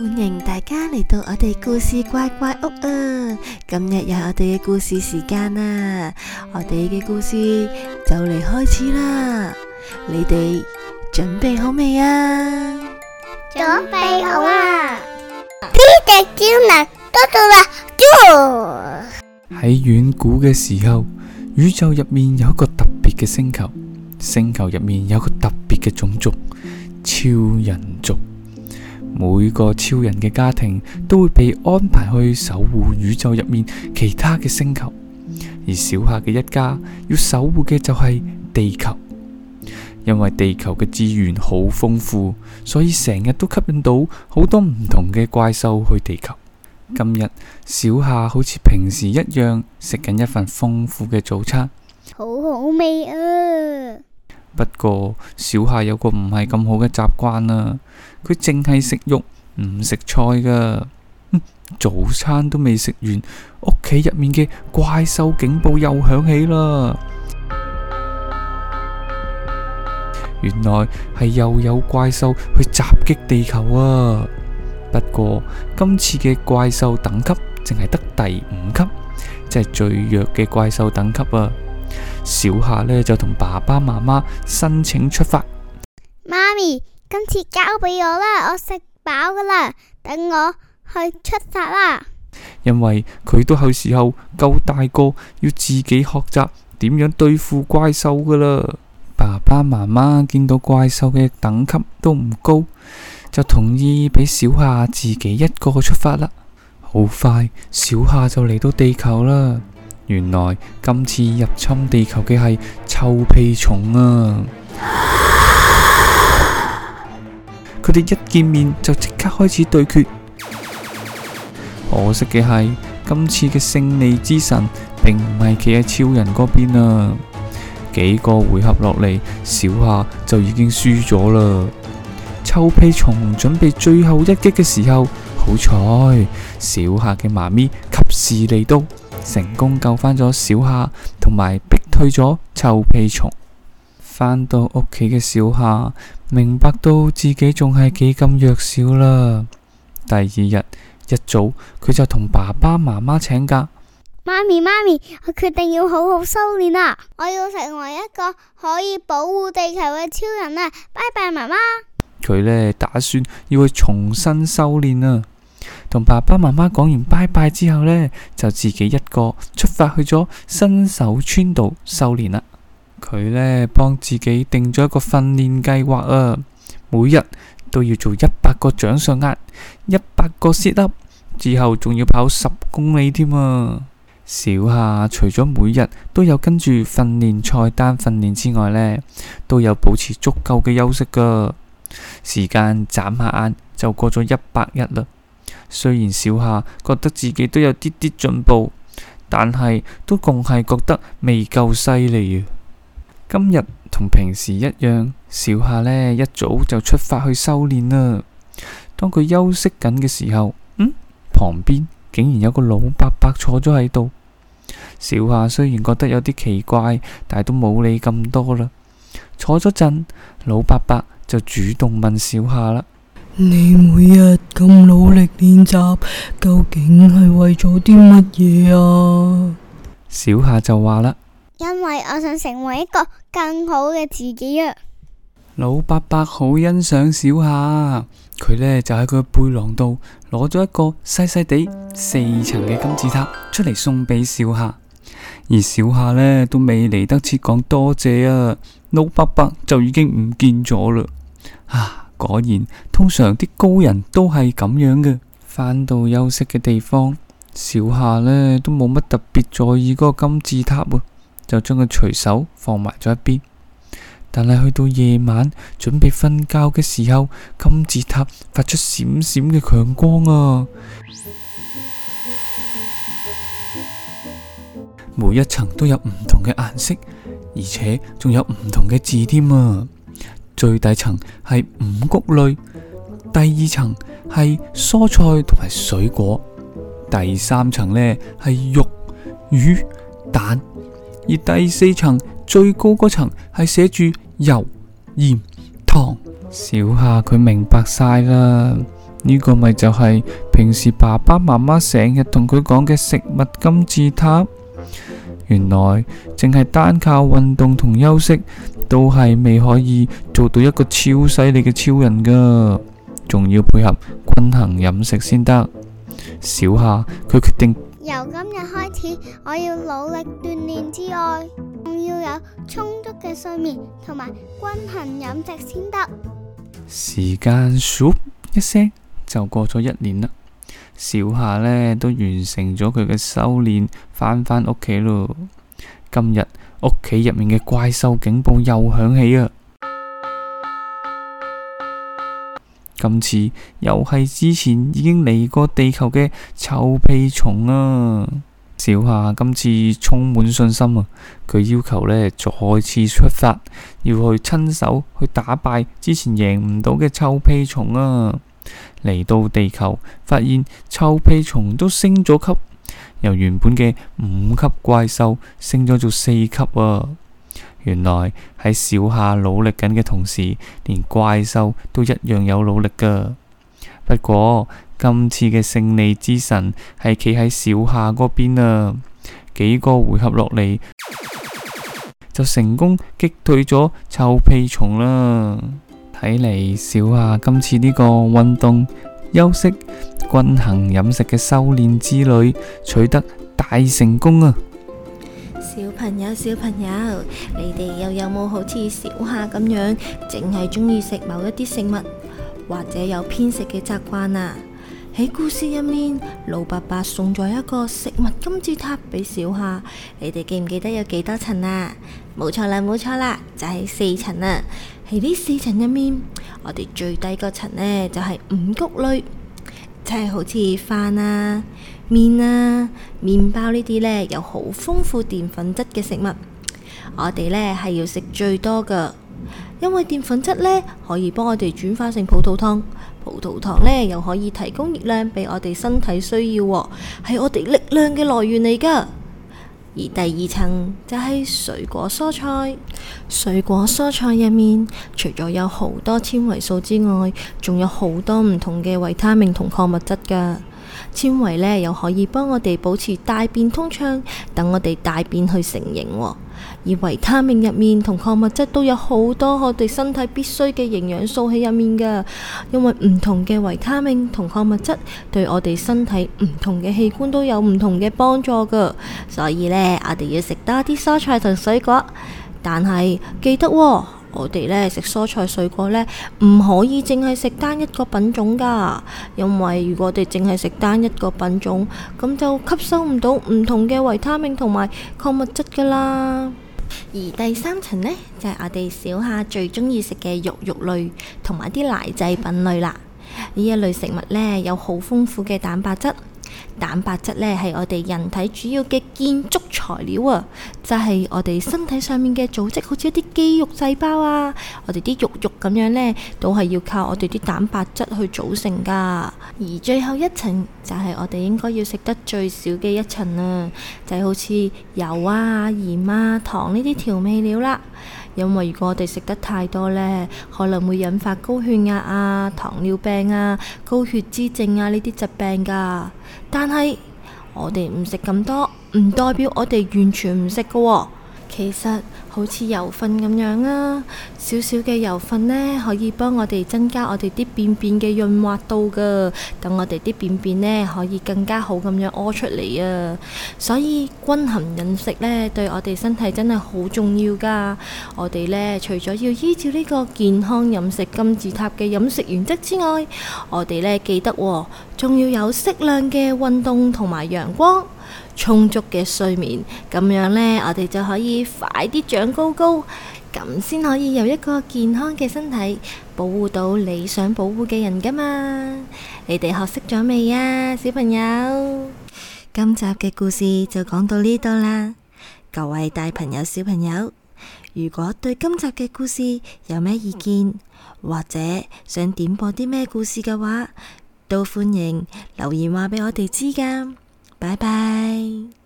歡迎大家嚟到我哋故事乖乖屋啊！今日有我哋嘅故事時間啦，我哋嘅故事就嚟開始啦。你哋準備好未啊？準備好啦！超級超能，多到啦！喺遠古嘅時候，宇宙入面有一個特別嘅星球，星球入面有個特別嘅種族——超人族。每個超人嘅家庭都會被安排去守護宇宙入面其他嘅星球，而小夏嘅一家要守護嘅就係地球，因為地球嘅資源好豐富，所以成日都吸引到好多唔同嘅怪獸去地球。今日小夏好似平時一樣食緊一份豐富嘅早餐，好好味啊！不過小夏有個唔係咁好嘅習慣啊。佢淨係食肉唔食菜噶，早餐都未食完，屋企入面嘅怪獸警報又響起啦。原來係又有怪獸去襲擊地球啊！不過今次嘅怪獸等級淨係得第五級，即係最弱嘅怪獸等級啊。小夏呢就同爸爸媽媽申請出發。媽咪，今次交俾我啦，我食飽噶啦，等我去出發啦。因為佢都係時候夠大個，要自己學習點樣對付怪獸噶啦。爸爸媽媽見到怪獸嘅等級都唔高，就同意俾小夏自己一個出發啦。好快，小夏就嚟到地球啦。原來今次入侵地球嘅係臭屁蟲啊！佢哋一見面就即刻開始對決。可惜嘅係，今次嘅勝利之神並唔係企喺超人嗰邊啊！幾個回合落嚟，小夏就已經輸咗啦。臭屁蟲準備最後一擊嘅時候，好彩小夏嘅媽咪及時嚟到。成功救返咗小夏，同埋逼退咗臭屁蟲。返到屋企嘅小夏明白到自己仲係幾咁弱小啦。第二日一早，佢就同爸爸媽媽請假。媽咪媽咪，我決定要好好修煉啦、啊！我要成為一個可以保護地球嘅超人啊！拜拜，媽媽。佢呢打算要去重新修煉啊！同爸爸媽媽講完拜拜之後呢，就自己一個出發去咗新手村度修煉啦。佢呢幫自己定咗一個訓練計劃啊，每日都要做一百個掌上壓，一百個 sit up，之後仲要跑十公里添啊。小夏除咗每日都有跟住訓練菜單訓練之外呢，都有保持足夠嘅休息噶、啊。時間眨下眼就過咗一百日啦。雖然小夏覺得自己都有啲啲進步，但係都仲係覺得未夠犀利啊！今日同平時一樣，小夏呢一早就出發去修煉啦。當佢休息緊嘅時候，嗯，旁邊竟然有個老伯伯坐咗喺度。小夏雖然覺得有啲奇怪，但係都冇理咁多啦。坐咗陣，老伯伯就主動問小夏啦。你每日咁努力練習，究竟係為咗啲乜嘢啊？小夏就話啦，因為我想成為一個更好嘅自己啊！老伯伯好欣賞小夏，佢呢就喺佢背囊度攞咗一個細細地四層嘅金字塔出嚟送俾小夏，而小夏呢都未嚟得切講多謝啊，老伯伯就已經唔見咗啦。啊！果然，通常啲高人都係咁樣嘅。返到休息嘅地方，小夏呢都冇乜特別在意嗰個金字塔喎，就將佢隨手放埋咗一邊。但係去到夜晚，準備瞓覺嘅時候，金字塔發出閃閃嘅強光啊！每一層都有唔同嘅顏色，而且仲有唔同嘅字添啊！最底層係五穀類，第二層係蔬菜同埋水果，第三層呢係肉、魚、蛋，而第四層最高個層係寫住油、鹽、糖。小夏佢明白晒啦，呢個咪就係平時爸爸媽媽成日同佢講嘅食物金字塔。原來淨係單靠運動同休息，都係未可以做到一個超犀利嘅超人噶，仲要配合均衡飲食先得。小夏佢決定由今日開始，我要努力鍛煉之外，仲要有充足嘅睡眠同埋均衡飲食先得。時間唰一聲就過咗一年啦。小夏呢都完成咗佢嘅修煉，返返屋企咯。今日屋企入面嘅怪獸警報又響起啊！ 今次又係之前已經嚟過地球嘅臭屁蟲啊！小夏今次充滿信心啊，佢要求呢再次出發，要去親手去打敗之前贏唔到嘅臭屁蟲啊！嚟到地球，發現臭屁蟲都升咗級，由原本嘅五級怪獸升咗做四級啊。原來喺小夏努力緊嘅同時，連怪獸都一樣有努力噶。不過今次嘅勝利之神係企喺小夏嗰邊啊！幾個回合落嚟，就成功擊退咗臭屁蟲啦。睇嚟小夏今次呢個運動、休息、均衡飲食嘅修煉之旅取得大成功啊！小朋友，小朋友，你哋又有冇好似小夏咁樣，淨係鍾意食某一啲食物，或者有偏食嘅習慣啊？喺故事入面，老伯伯送咗一個食物金字塔俾小夏。你哋記唔記得有幾多層啊？冇錯啦，冇錯啦，就係四層啊！喺呢四層入面，我哋最低個層呢，就係五穀類，即係好似飯啊、麵啊、麵包呢啲呢，有好豐富澱粉質嘅食物。我哋呢，係要食最多噶，因為澱粉質呢，可以幫我哋轉化成葡萄糖。葡萄糖呢又可以提供熱量俾我哋身體需要，係我哋力量嘅來源嚟噶。而第二層就係水果蔬菜，水果蔬菜入面除咗有好多纖維素之外，仲有好多唔同嘅維他命同礦物質噶。纖維呢又可以幫我哋保持大便通暢，等我哋大便去成形。而維他命入面同礦物質都有好多我哋身體必須嘅營養素喺入面噶，因為唔同嘅維他命同礦物質對我哋身體唔同嘅器官都有唔同嘅幫助噶，所以呢，我哋要食多啲蔬菜同水果，但係記得喎、哦。我哋咧食蔬菜水果咧，唔可以淨係食單一個品種噶，因為如果我哋淨係食單一個品種，咁就吸收唔到唔同嘅維他命同埋礦物質噶啦。而第三層呢，就係、是、我哋小夏最鍾意食嘅肉肉類同埋啲奶製品類啦。呢一類食物呢，有好豐富嘅蛋白質。蛋白質呢係我哋人體主要嘅建築材料啊，就係、是、我哋身體上面嘅組織，好似一啲肌肉細胞啊，我哋啲肉肉咁樣呢，都係要靠我哋啲蛋白質去組成噶。而最後一層就係、是、我哋應該要食得最少嘅一層啊，就係、是、好似油啊、鹽啊、糖呢啲調味料啦、啊。因為如果我哋食得太多咧，可能會引發高血壓啊、糖尿病啊、高血脂症啊呢啲疾病噶。但係我哋唔食咁多，唔代表我哋完全唔食噶。其實。好似油份咁樣啊，少少嘅油份呢可以幫我哋增加我哋啲便便嘅潤滑度噶，等我哋啲便便呢可以更加好咁樣屙出嚟啊！所以均衡飲食呢對我哋身體真係好重要噶。我哋呢除咗要依照呢個健康飲食金字塔嘅飲食原則之外，我哋呢記得、哦、仲要有適量嘅運動同埋陽光。充足嘅睡眠，咁樣呢，我哋就可以快啲長高高，咁先可以有一個健康嘅身體，保護到你想保護嘅人噶嘛。你哋學識咗未啊，小朋友？今集嘅故事就講到呢度啦。各位大朋友、小朋友，如果對今集嘅故事有咩意見，或者想點播啲咩故事嘅話，都歡迎留言話俾我哋知噶。拜拜。